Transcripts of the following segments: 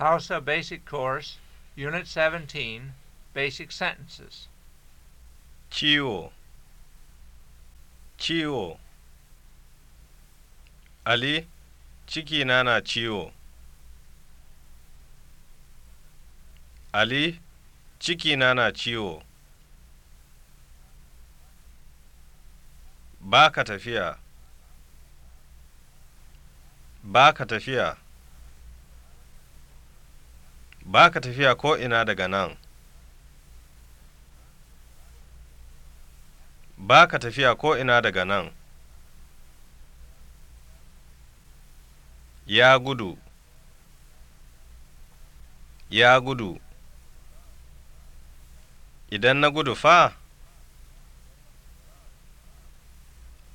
of Basic Course, Unit 17, Basic Sentences. Chuo. Ciwo. Ali, chikinana na Ali, chikinana na ciwo. Ba ka ba ka tafiya ko'ina daga nan ba ka tafiya ko'ina daga nan ya gudu ya gudu idan na gudu fa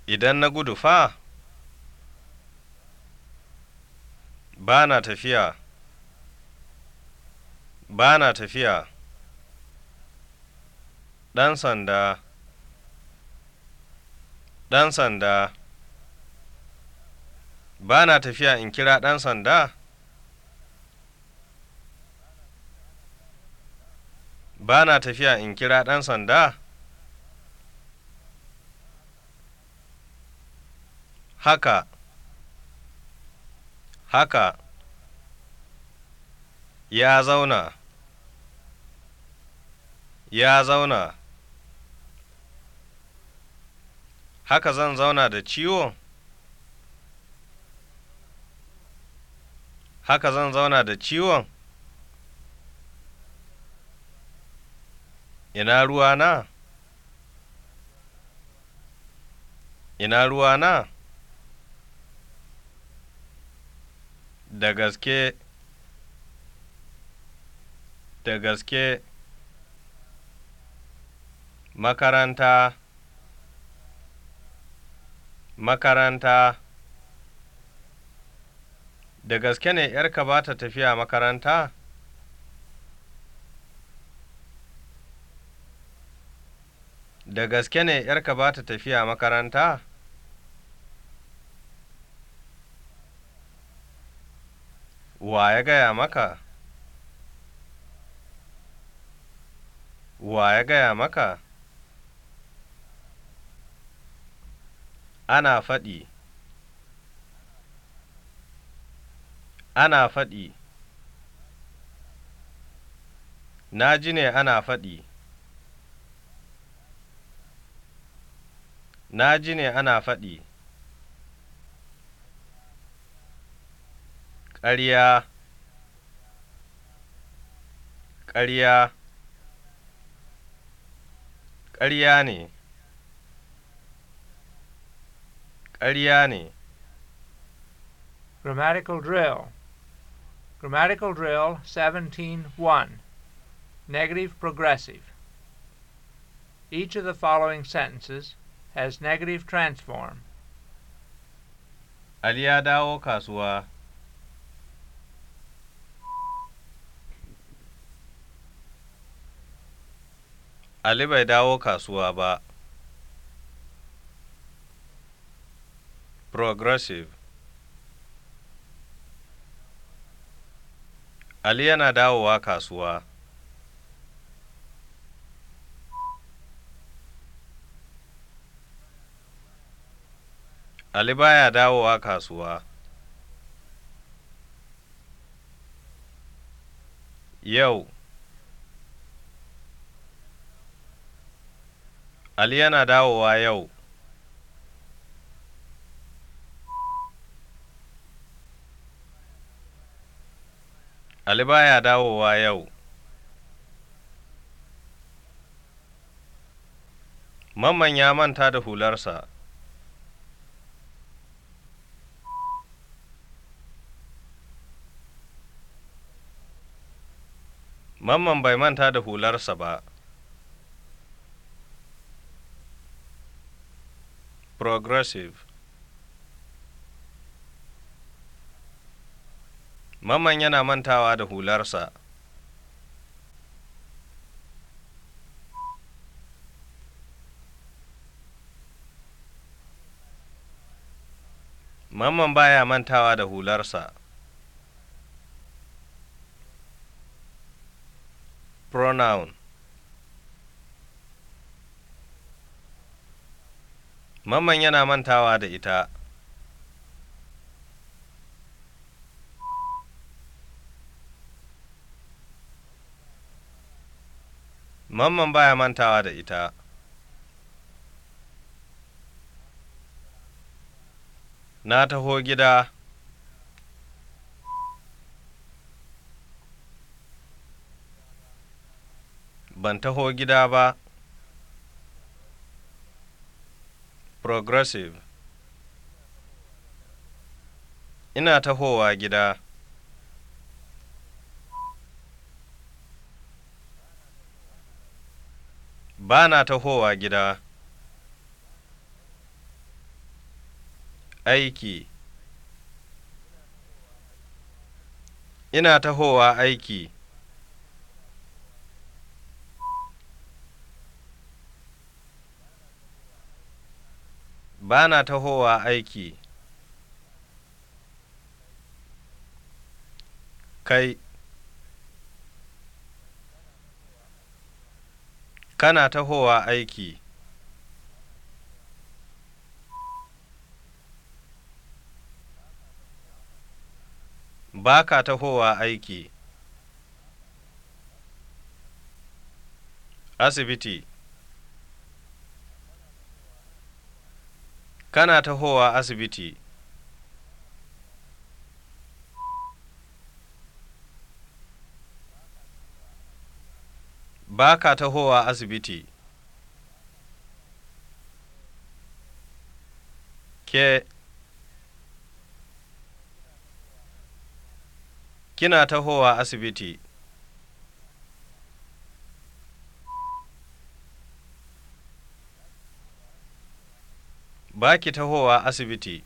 idan na gudu fa ba na tafiya ba na tafiya ɗan sanda ɗan sanda ba na tafiya in kira ɗan sanda ba na tafiya in kira ɗan sanda haka haka ya zauna ya zauna haka zan zauna da ciwo haka zan zauna da ciwon ina ruwana ina ruwana da gaske da gaske makaranta makaranta da gaske ne ‘yarka ba ta tafiya makaranta? Da gaske ne ‘yarka ba ta tafiya makaranta? Wa ya gaya maka? Wa ya gaya maka? ana faɗi ana faɗi na ji ne ana faɗi na ji ne ana faɗi ƙarya ƙarya ƙarya ne Eliani. Grammatical drill. Grammatical drill 17.1. Negative progressive. Each of the following sentences has negative transform. Ali ya dawo kasuwa. Ali bai ba. progressive Ali yana dawowa kasuwa. Ali baya dawowa kasuwa. Yau Ali yana dawowa yau. Ali baya dawowa yau. Mamman ya manta da hularsa. Mamman bai manta da hularsa ba. Progressive Mamman yana mantawa da hularsa. Mamman baya mantawa da hularsa. Pronoun mamman yana mantawa da ita. mamman baya mantawa da ita na taho gida ban taho gida ba progressive ina tahowa gida ba na tahowa gida aiki ina tahowa aiki ba na tahowa aiki kai kana tahowa aiki ba ka tahowa aiki asibiti kana tahowa asibiti ba ka tahowa asibiti ke kina tahowa asibiti ba ki tahowa asibiti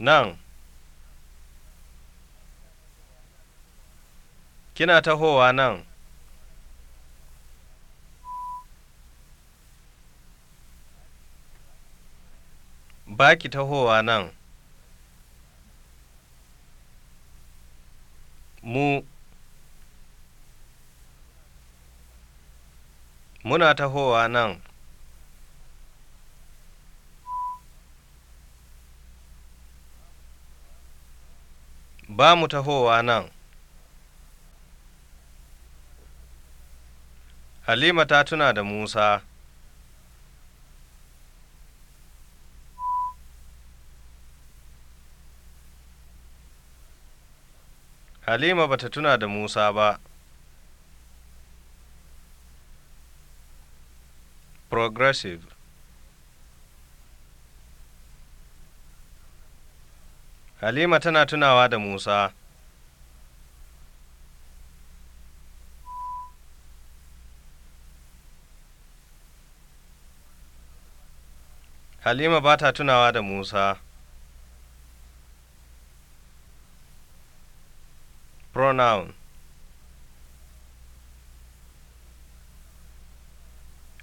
nan kina tahowa nan ba ki tahowa nan mu muna tahowa nan ba mu tahowa nan Halima ta tuna da Musa. Halima ba ta tuna da Musa ba. Progressive Halima tana tunawa da Musa. Halima ba ta tunawa da Musa. Pronoun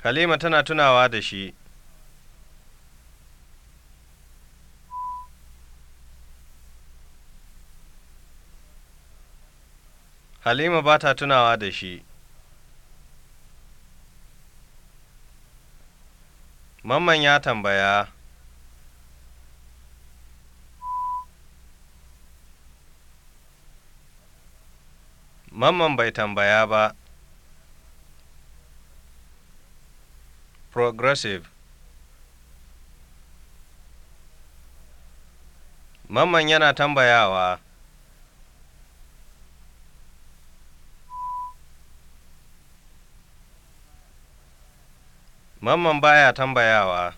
Halima tana tunawa da shi. Halima ba ta tunawa da shi. Mamman ya tambaya. Mamman bai tambaya ba. Progressive Mamman yana tambayawa. Mamman baya tambayawa.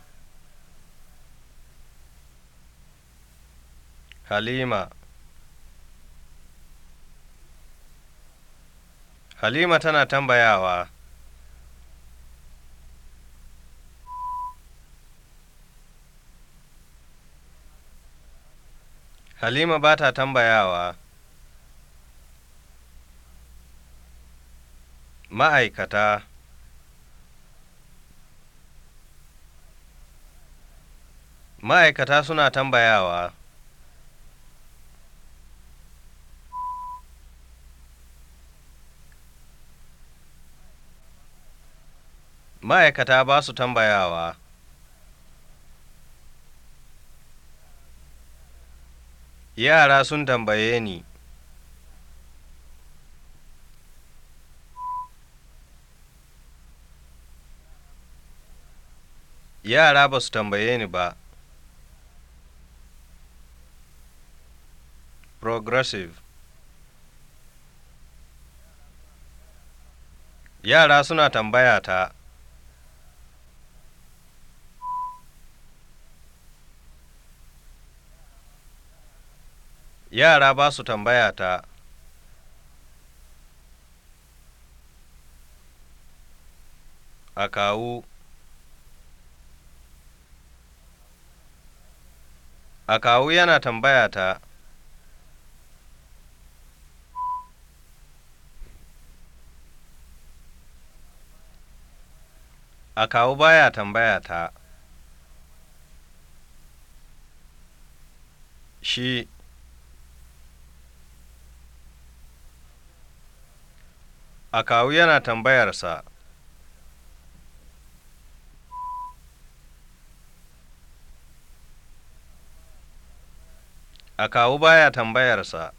Halima Halima tana tambayawa. Halima ba ta tambayawa. Ma'aikata ma'aikata suna tambayawa ma'aikata ba su tambayawa yara sun tambaye ni yara ba su tambaye ni ba progressive yara suna tambaya ta yara ba su tambaya ta a kawo a kawo yana tambaya ta a kawo baya tambaya ta shi a kawo yana tambayarsa a kawo baya tambayarsa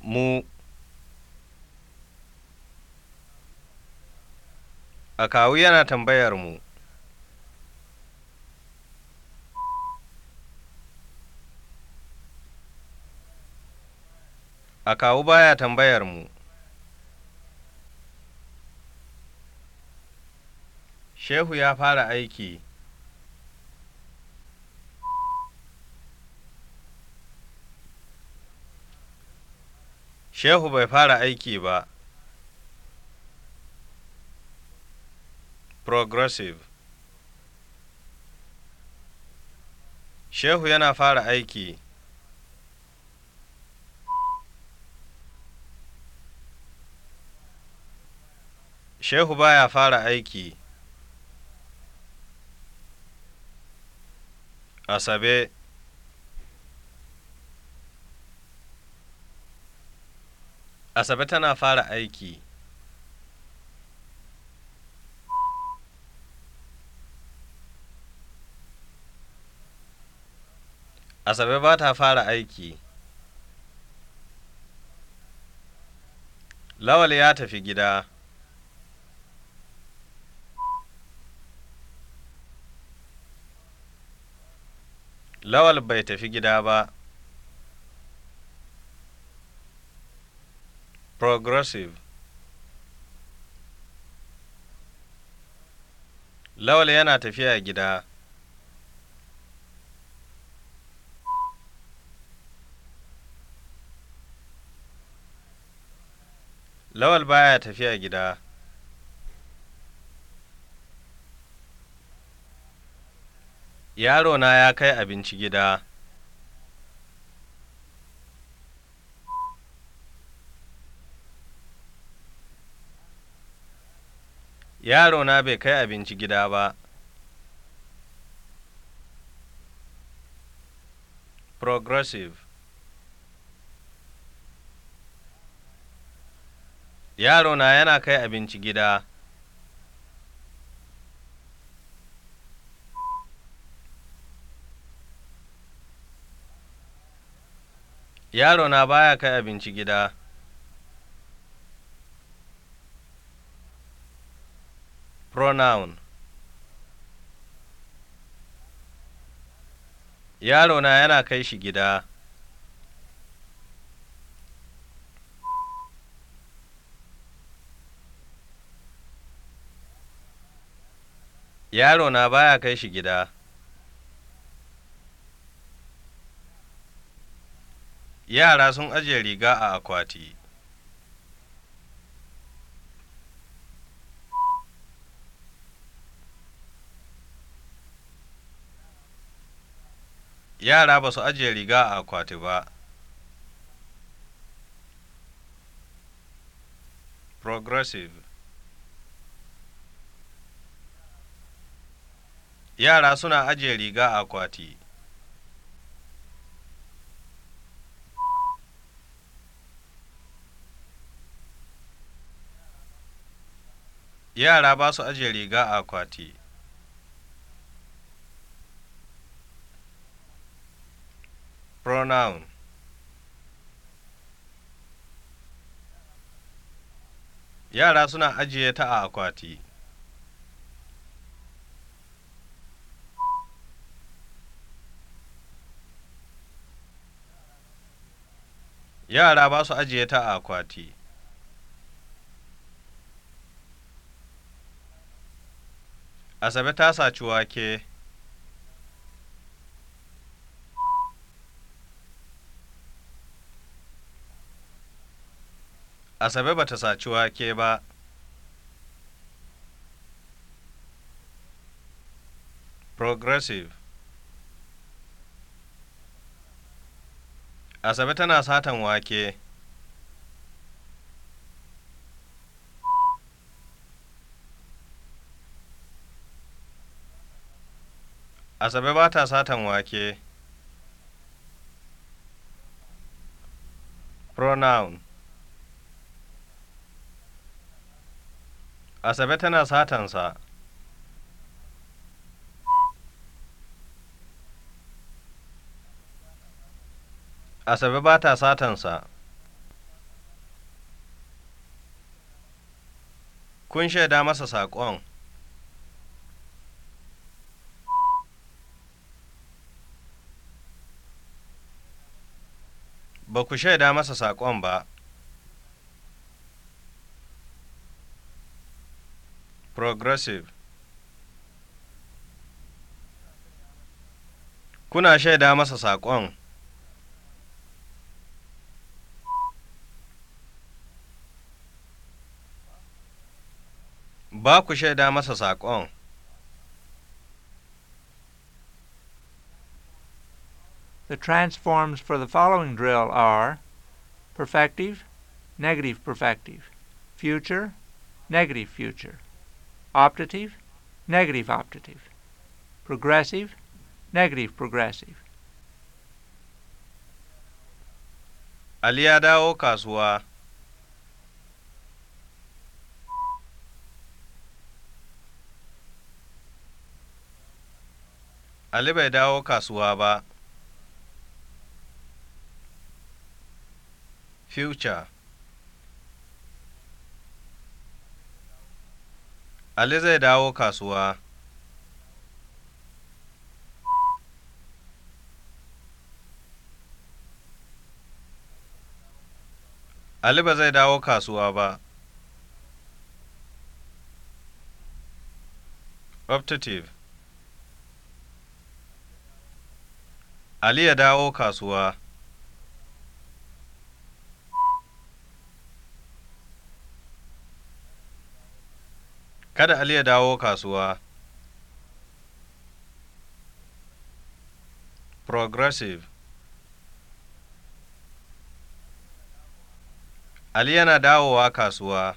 mu A kawo yana tambayar mu akawu baya tambayar mu shehu ya fara aiki shehu bai fara aiki ba Progressive Shehu yana fara aiki. Shehu baya fara aiki. Asabe Asabe tana fara aiki. Asabe ba ta fara aiki. Lawal ya tafi gida. Lawal bai tafi gida ba. Progressive Lawal yana tafiya gida. Lawal baya tafiya gida. Yarona ya kai abinci gida. Yarona bai kai abinci gida ba. Progressive yarona yana kai abinci gida yarona baya kai abinci gida pronoun yarona yana kai shi gida yaro na baya kai shi gida yara sun ajiye riga a akwati yara ba su ajiye riga a akwati ba progressive yara suna ajiye riga a akwati yara ba su ajiye riga a akwati pronoun yara suna ajiye ta a akwati yara ba su ajiye ta a akwati asabe ta saci wake asabe ba ta saci wake ba progressive Asabe tana satan wake. Asabe ba ta satan wake. Pronoun Asabe tana satansa. Asabe ba ta satansa. Kun shaida masa saƙon. Ba ku shaida masa saƙon ba. Progressive Kuna shaida masa saƙon. ba ku shaida masa saƙon The transforms for the following drill are perfective, negative perfective, future, negative future, optative, negative optative, progressive, negative progressive. Aliada ya dawo Ali bai dawo kasuwa ba. Future Ali zai dawo kasuwa. Ali ba zai dawo kasuwa ba. Optative Ali ya dawo kasuwa. Kada Ali ya dawo kasuwa. Progressive Ali yana dawowa kasuwa.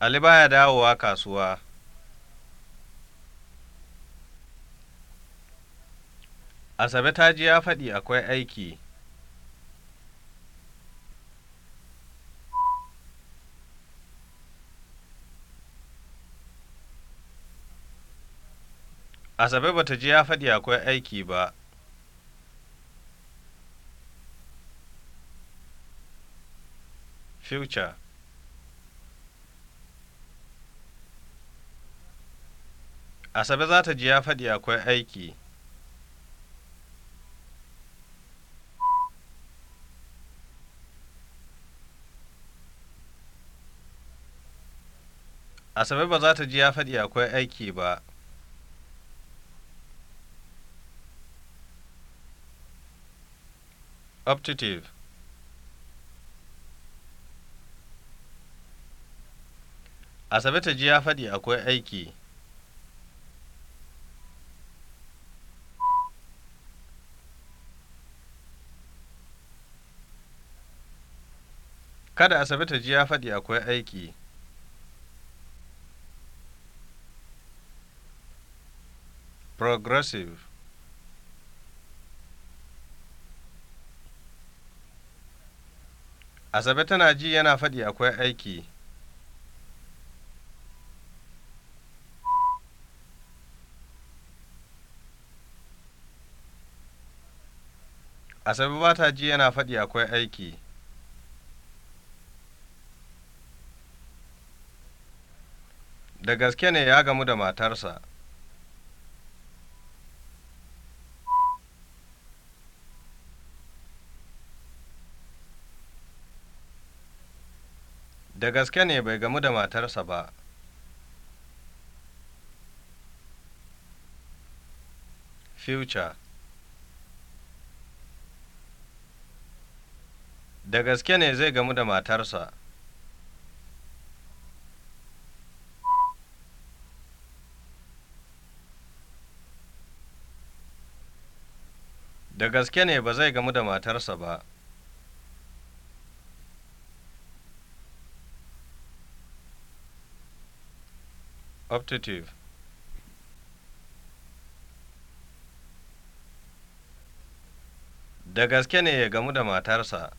Ali baya dawowa kasuwa. Asabe ta ji ya faɗi akwai aiki. Asabe bata ji ya faɗi akwai aiki ba. Future Asabe za ta ji ya faɗi akwai aiki. Asabe ba za ta ji ya faɗi akwai aiki ba. Optative Asabe ta ji ya faɗi akwai aiki. Kada Asabe ta ji ya faɗi akwai aiki. Progressive Asabe tana ji yana faɗi akwai aiki. Asabe ba ta ji yana faɗi akwai aiki. da gaske ne ya gamu da matarsa da gaske ne bai gamu da matarsa ba future da gaske ne zai gamu da matarsa da gaske ne ba zai gamu da matarsa ba optative da gaske ne ya gamu da matarsa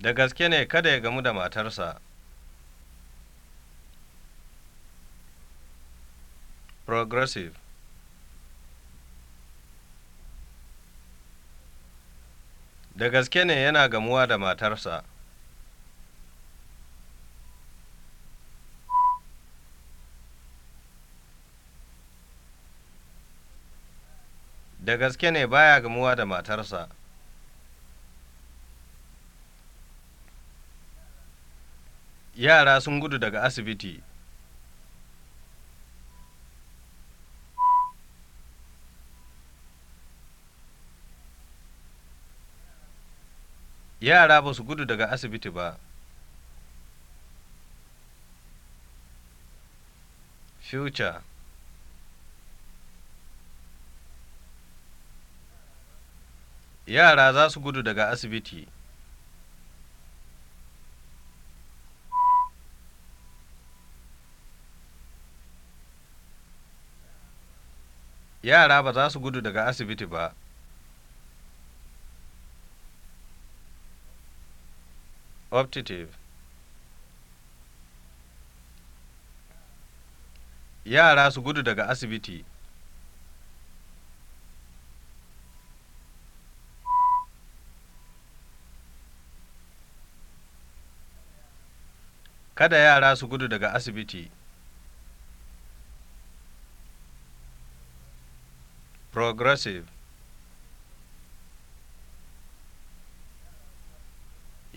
da gaske ne kada ya gamu da matarsa progressive da gaske ne yana gamuwa da matarsa da gaske ne baya gamuwa da matarsa yara sun gudu daga asibiti yara ba su gudu daga asibiti ba future yara za su gudu daga asibiti yara ba za su gudu daga asibiti ba optative yara su gudu daga asibiti kada yara su gudu daga asibiti progressive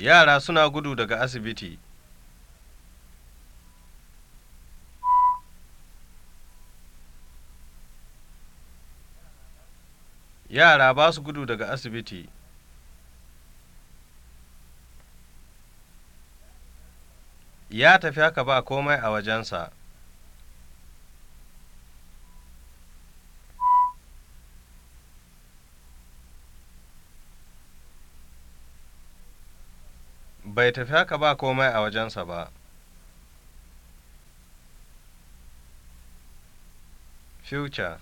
yara suna gudu daga asibiti yara ba su gudu daga asibiti ya tafi haka ba komai a wajensa bai tafi haka ba komai a wajensa ba future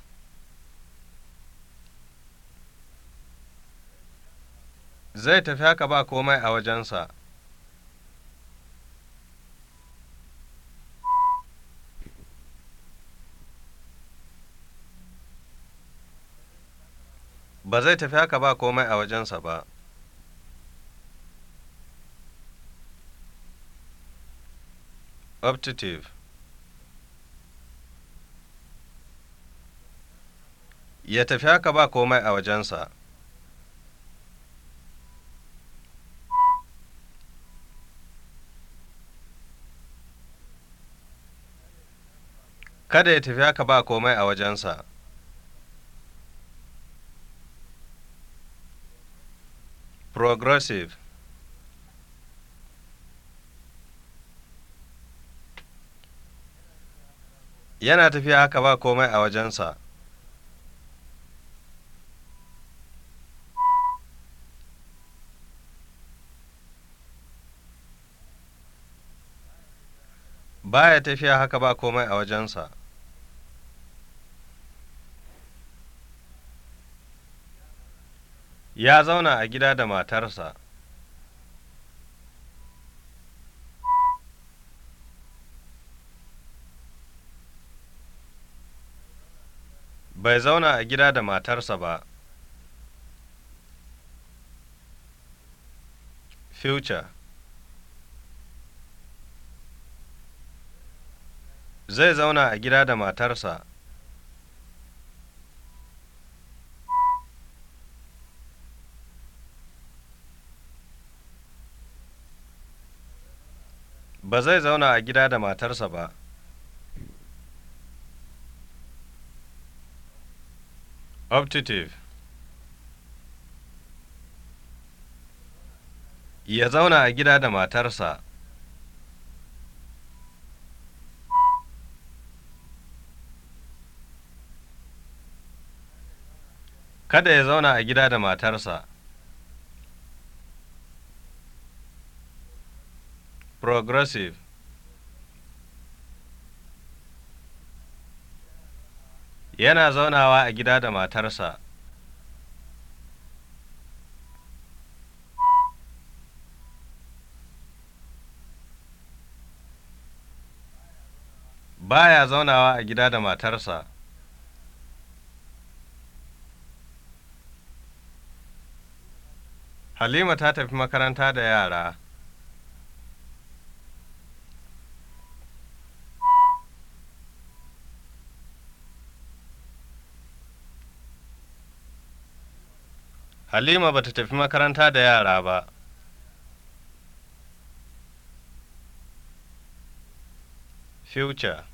zai tafi haka ba komai a wajensa ba zai tafi haka ba komai a wajensa ba Optative Ya tafi haka ba komai a wajensa. Kada ya tafi haka ba komai a wajensa. Progressive yana tafiya haka ba komai a wajensa baya tafiya haka ba komai a wajensa ya zauna a gida da matarsa bai zauna a gida da matarsa ba. Future Zai zauna a gida da matarsa. Ba zai zauna a gida da matarsa ba. Optative. Ya zauna a gida da matarsa. Kada ya zauna a gida da matarsa. Progressive yana zaunawa a gida da matarsa baya zaunawa a gida da matarsa halima ta tafi makaranta da yara Halima ba ta tafi makaranta da yara ba. Future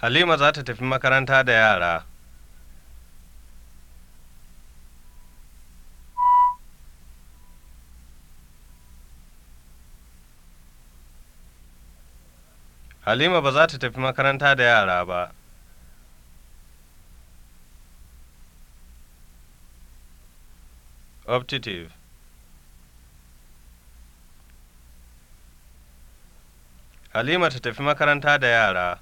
Halima za ta tafi makaranta da yara. Halima ba za ta tafi makaranta da yara ba. Optative. Halima ta tafi makaranta da yara.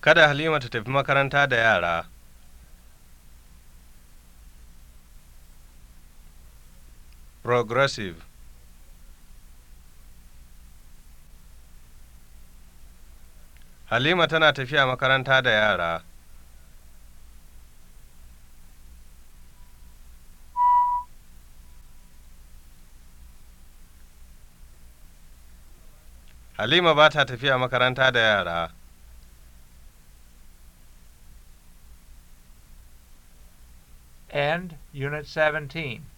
Kada Halima ta tafi makaranta da yara. Progressive Halima tana tafiya makaranta da yara. Halima ba ta tafiya makaranta da yara. And Unit 17.